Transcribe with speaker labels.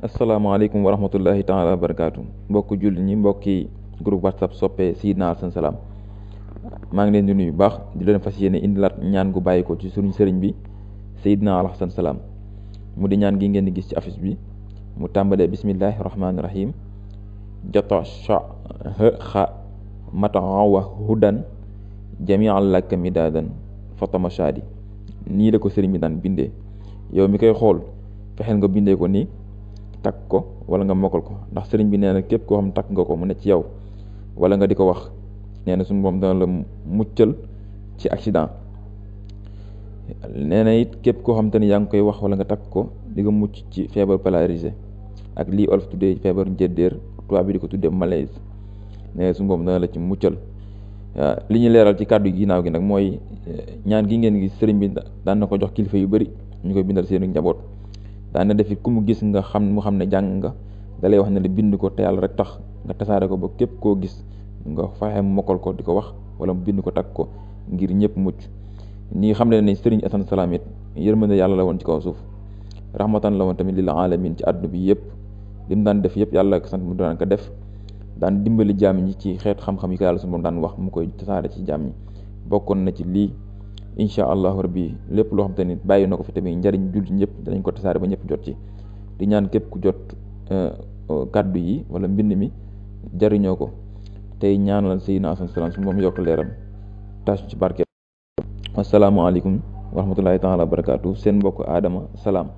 Speaker 1: asalaamaaleykum wa rahmatullahi taala wa barakaatu mbokk julli ñi mbokki groupe whatsapp soppe Seydina Alassane Salam maa ngi leen di nuy bu baax di leen fas yéene indilaat ñaan gu bàyyi ko ci suñu sëriñ bi Seydina Alassane salaam mu di ñaan gi ngeen di gis ci affiche bi mu tàmbalee bismillahi rahmaani rahim jota cha xa mata wa hudan jamial lakka midaadan fatama shaadi nii la ko sëriñ bi daan bindee yow mi koy xool fexeel nga bindee ko nii takk ko wala nga mokkal ko ndax sëriñ bi nee na képp koo xam takk nga ko mu ne ci yow wala nga di ko wax nee na suñu borom dana la muccal ci accident nee na it képp koo xam te ni yaa ngi koy wax wala nga takk ko di nga mucc ci feebar polarisé ak lii olof tuddee feebaru njëddeer tubaab bi di ko tuddee malaise nee na suñu dana la ci muccal li ñu leeral ci kàddu ginnaaw gi nag mooy eh, ñaan gi ngeen gis sëriñ bi daan na ko jox kilifa yu bari ñu koy bindal seen njaboot. daana def it ku mu gis nga xam mu xam ne jàng nga dalay lay wax ne la bind ko te yàlla rek tax nga tasaare ko ba képp koo gis nga fexe mu mokkal ko di ko wax wala mu bind ko takk ko ngir ñëpp mucc ñi xam ne ne Serigne Assane Salam it yërmande yàlla la woon ci kaw suuf rahmatan la woon tamit lil alamin ci àdduna bi yëpp lim daan def yëpp yàlla ak sant mu daan ko def daan dimbali jaam ñi ci xeet xam-xam yi ko yàlla su moom daan wax mu koy tasaare ci jaam ñi bokkoon na ci lii incha allahu rabbi lépp loo xam te ni bàyyi na ko fi tamit njariñ jullit ñëpp danañ ko tasaare ba ñëpp jot ci di ñaan képp ku jot euh, euh, kàddu yi wala mbind mi jariñoo ko tey ñaanal sayyidina asan salaam su moom yokk leeram taas ci barke asalaamaaleykum wa rahmatullahi taala wa barakaatu seen mbokk aadama salaam